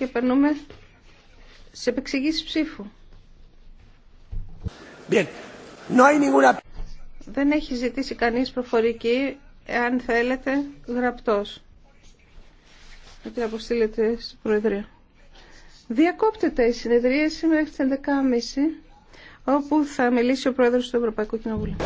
και περνούμε σε επεξηγήσεις ψήφου. Δεν έχει ζητήσει κανείς προφορική, εάν θέλετε, γραπτός. Να αποστείλετε στην Προεδρία. Διακόπτεται η συνεδρία σήμερα τις 11.30, όπου θα μιλήσει ο Πρόεδρος του Ευρωπαϊκού Κοινοβουλίου.